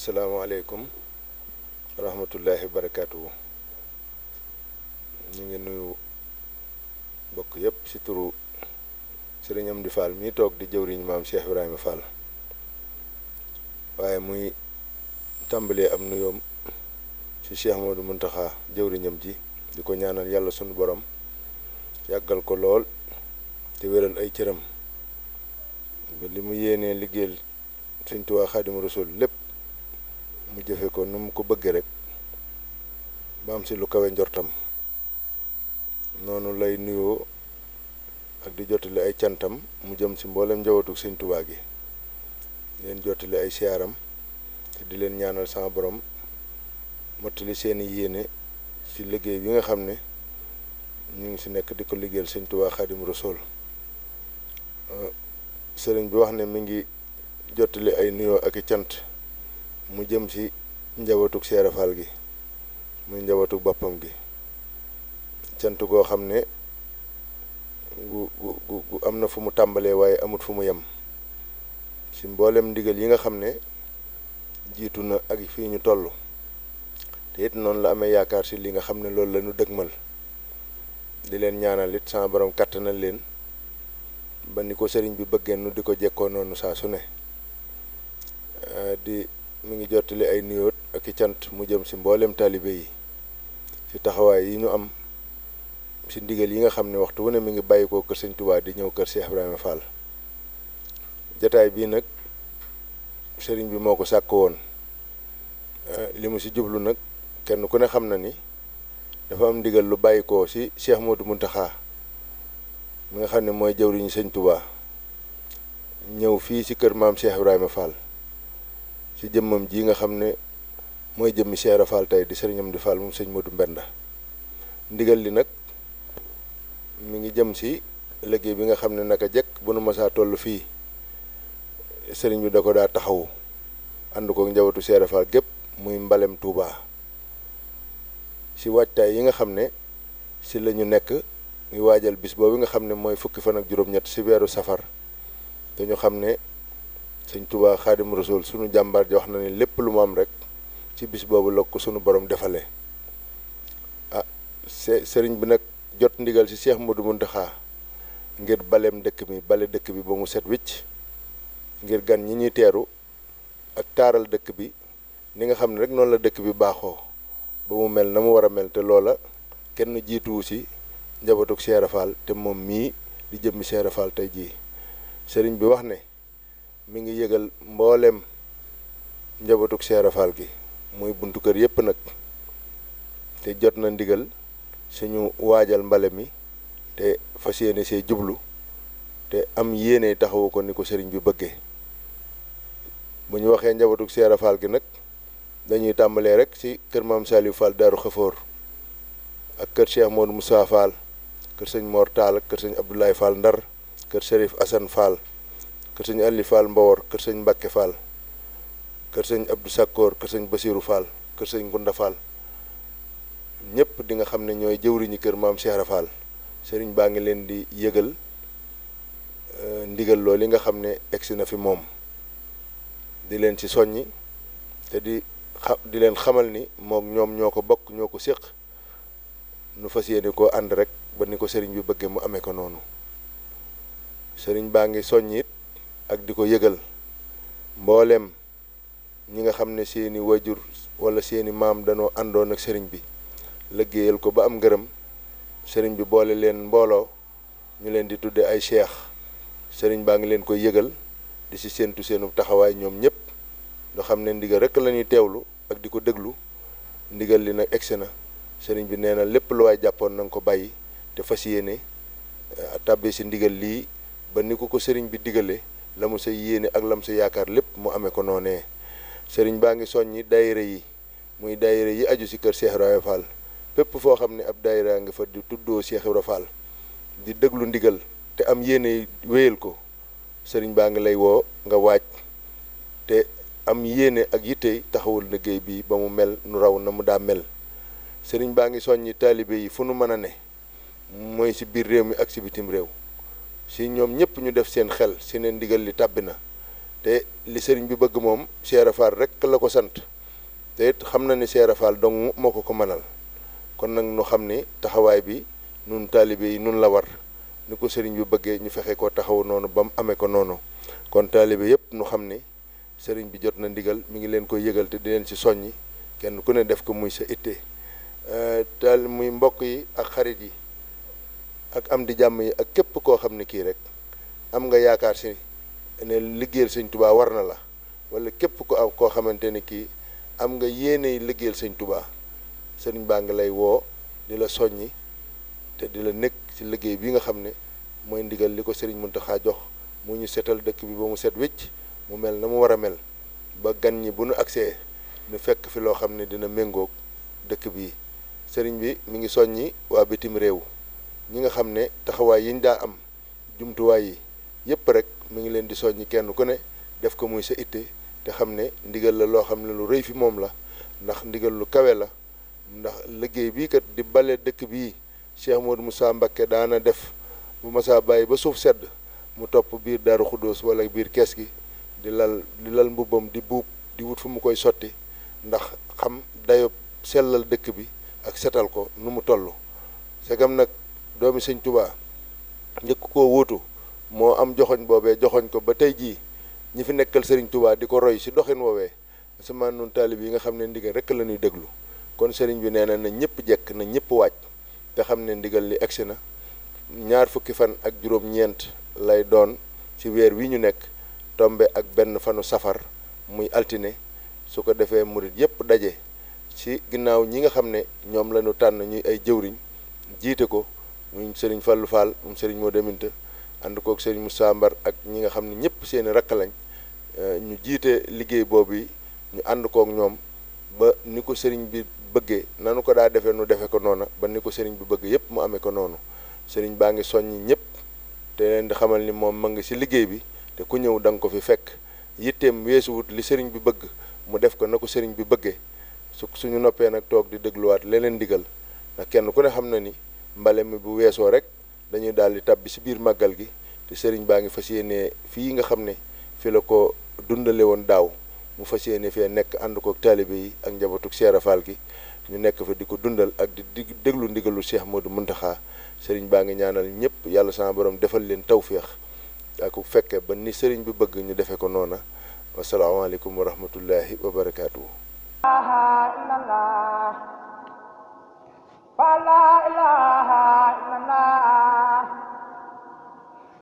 asalaamaaleykum wa rahmatullahi wa barakaatu ñu ngi nuyu bokk yépp ci turu sëriñ Amdi Fall mii toog di jëwriñ maam Cheikh Ibrahima Fall waaye muy tàmbalee am nuyoom ci Cheikh Modou Muntaxa jëwriñam ji di ko ñaanal yàlla sunu borom yàggal ko lool te wéral ay cëram li mu yéenee liggéey Sëriñ Tuubaa Xaadimu Rasuul lépp mu jëfe ko nu mu ko bëggee rek ba am si lu kawee njortam noonu lay nuyoo ak di jottali ay cantam mu jëm si mboolem njawatu Sëñ Tuubaa gi leen jottali ay siyaaram te di leen ñaanal sama borom mottali seeni yéene ci liggéey bi nga xam ne mu ngi si nekk di ko liggéeyal Sëñ Tuubaa Xaadimu Rasuul sëriñ bi wax ne mi ngi jottali ay nuyoo ak i cant mu jëm ci njabotuk Seera falgi, gi muy njabootug boppam gi ciantu go xam gu gu gu amna fu mu waye amut fu mu yam ci mbollem ndigal yi nga na ak fi ñu tollu te it non la amé yaakar ci li nga xam loolu lañu ñu dëgmal di leen ñaanal it sama borom kàttanal leen ba ni ko bi bëggé nu diko ko nonu sa su ne di mi ngi jotali ay nuyoot ak i cant mu jëm si mboolem talibé yi ci taxaway yi ñu am ci ndigal yi nga xam ne waxtu wone mi ngi bayiko ko seigne touba di ñew kër Cheikh Ibrahima Fall jotaay bi nak serigne bi moko ko won eh, limu ci mu si jublu kenn ku ne xamna ni dafa am ndigal lu bayiko ko si Cheikh Modou Mountakha mi nga xam ne mooy seigne touba ñew fi ci si maam Cheikh Ibrahima Fall. ci jëmmam ji nga xam ne mooy jëmmi Cheikh Fall di sëriñam di Fall moom sëñ Modou Mbenda ndigal li nag mi ngi jëm si liggéey bi nga xam ne naka jekk bu nu masaa toll fii sëriñ bi da ko daa taxawu ànd ko njabootu Cheikh gépp muy mbalem Touba si waajtaay yi nga xam ne si la ñu nekk ngi waajal bis boobu nga xam ne mooy fukki fan ak juróom-ñett si weeru safar te xam ne señ Touba khadim rasoul sunu jambar jox na ni lepp lu mo am rek ci bis bobu lokku sunu borom defale ah señ bi nak jot ndigal ci Cheikh Modou Mountakha ngir balem dekk bi bale dekk bi bamu set wicc ngir gan ñi ñi téru ak taral dekk bi ni nga xamne rek non la dekk bi baxo mel namu mu mel te loola kenn jiituwu si njabotuk Cheikh rafal te mom mi di jëm Cheikh rafal tay ji sëriñ bi wax ne mi ngi yëgal mboolem njabotuk Cheikh Fall gi muy buntu kër yépp nag te jot na ndigal suñu waajal mbale mi te fas yéene see jublu te am yéene taxawu ko ni ko sëriñ bi bëggee bu ñu waxee njabootug Cheikh Fall gi nag dañuy tàmbalee rek ci kër maam Saliou Fall daru Xafoor ak kër Cheikh Modou Moussa Fall kër sëñ Mor Abdoulaye Fall Ndar kër Fall kër sëñ Ali Fall Mbawor kër sëñ Mbacke Fall kër sëñ Abdou Sakor kër sëñ Basirou Fall kër sëñ Gunda Fall ñëpp di nga xam ne ñooy ñi kër maam Cheikh Fall sëriñ baa ngi leen di yëgal euh, ndigal loolu nga xam ne na fi moom di leen ci soññi te di di leen xamal ni moom ñoom ñoo ko bokk ñoo ko séq nu fas yéene koo ànd rek ba ni ko sëriñ bi bëggee mu amee ko noonu sëriñ baa ngi ak di ko yëgal ñi nga xamne seeni wajur wala seeni maam dano àndoon ak sëriñ bi liggéeyal ko ba am ngërëm sëriñ bi boole leen mbolo ñu leen di tudde ay cheikh sering ba nga leen koy yëgal di ci sentu seenu taxaway ñom ñep do xamne ndiga rek lañuy tewlu ak di ko ndigal li nak excena na bi neena lepp lu way jappon nang ko bayyi te fasiyene yéene ci euh, ndigal li, ba niko ko sering bi digale. la mu sa yéene ak la mu yaakaar lépp mu amee ko noonee sëriñ baa ngi soññi dayre yi muy daayira yi aju si kër Cheikh Ibrahima pépp foo xam ne ab a nga fa di tuddoo Cheikh Ibrahima Fall di déglu ndigal te am yéene wéyal ko sëriñ baa ngi lay woo nga waaj te am yéene ak yitte taxawul liggéey bi ba mu mel nu raw na mu daa mel sëriñ baa ngi soññi taalibe yi fu nu mën a ne mooy si biir réew mi ak si bitim réew si ñoom ñëpp ñu def seen xel si ne ndigal li tàbbi na te li sëriñ bi bëgg moom Cheikh Fall rek la ko sant te xam na ni Cheikh Fall dong moo ko ko mënal kon nag nu xam ni taxawaay bi nun taalibe yi nun la war ni ko sëriñ bi bëggee ñu fexe ko taxaw noonu ba mu amee ko noonu kon taalibe yëpp nu xam ni sëriñ bi jot na ndigal mu ngi leen koy yëgal te di leen si soññi kenn ku ne def ko muy sa itte taal muy mbokk yi ak xarit yi. ak am di jàmm yi ak képp koo xam ne kii rek am nga yaakaar si ne liggéeyal sëñ tubaa war na la wala képp ko am koo xamante ne kii am nga yéene liggéeyal sëñ tubaa sëriñ baa ngi lay woo di la soññi te di la nekk ci liggéey bii nga xam ne mooy ndigal li ko sëriñ Muntaxa jox mu ñu setal dëkk bi ba mu set wécc mu mel na mu war a mel ba gan ñi bu nu agsee nu fekk fi loo xam ne dina méngook dëkk bi sëriñ bi mu ngi soññi waa bitim réew ñi nga xam ne taxawaay da daa am jumtuwaay yi yépp rek mi ngi leen di soññi kenn ku ne def ko muy sa itte te xam ne ndigal la loo xam ne lu rëy fi moom la ndax ndigal lu kawe la ndax liggéey bii kat di bale dëkk bii Cheikh Modou Moussa Mbacké daana def bu masaa bàyyi ba suuf sedd mu topp biir daru Xuddoos wala biir kees gi di lal di lal mbubam di buub di wut fu mu koy sotti ndax xam dayo sellal dëkk bi ak setal ko nu mu toll segam nag doomi sëñ tubaa njëkk koo wuutu moo am joxoñ boobee joxoñ ko ba tey jii ñi fi nekkal sëriñ tubaa di ko roy si doxin woowee asamaan nun taalib yi nga xam ne ndigal rek la déglu kon sëriñ bi nee na na ñëpp jekk na ñëpp waaj te xam ne ndigal li egsi na ñaar fukki fan ak juróom-ñeent lay doon ci weer wi ñu nekk tombe ak benn fanu safar muy altine su ko defee murit yëpp daje si ginnaaw ñi nga xam ne ñoom la tànn ñuy ay jëwriñ jiite ko muy Serigne Fallou Fall moom Serigne moo deminta ànd kook Serigne mu Mbar ak ñi nga xam ne ñëpp seen i rakk lañ euh, ñu jiite liggéey boobu yi ñu ànd kook ñoom ba ni ko Serigne bi bëggee nanu ko daa defee nu defee ko noona ba ni ko Serigne bi bëgg yëpp mu amee ko noonu sëriñ baa ngi soññ ñëpp te leen di xamal ni moom ma ngi ci liggéey bi te ku ñëw da ko fi fekk yitteem wut li sëriñ bi bëgg mu def ko na ko Serigne bi bëggee su suñu noppee nag toog di dégluwaat leneen ndigal ndax kenn ku ne xam na ni. mbale mi bu weesoo rek dañuy daal di tàbbi si biir màggal gi te sëriñ baa ngi fas yéene fii nga xam ne fi la ko dundale woon daaw mu fas yéene fee nekk ànd ko taalibe yi ak njabootug Seera Faal gi ñu nekk fa di ko dundal ak di déglu ndigalu Cheikh Modou Muntaxa sëriñ baa ngi ñaanal ñëpp yàlla sama borom defal leen tawféex ak bu fekkee ba ni sëriñ bi bëgg ñu defee ko noona wasalaamaaleykum wa rahmatullahi wa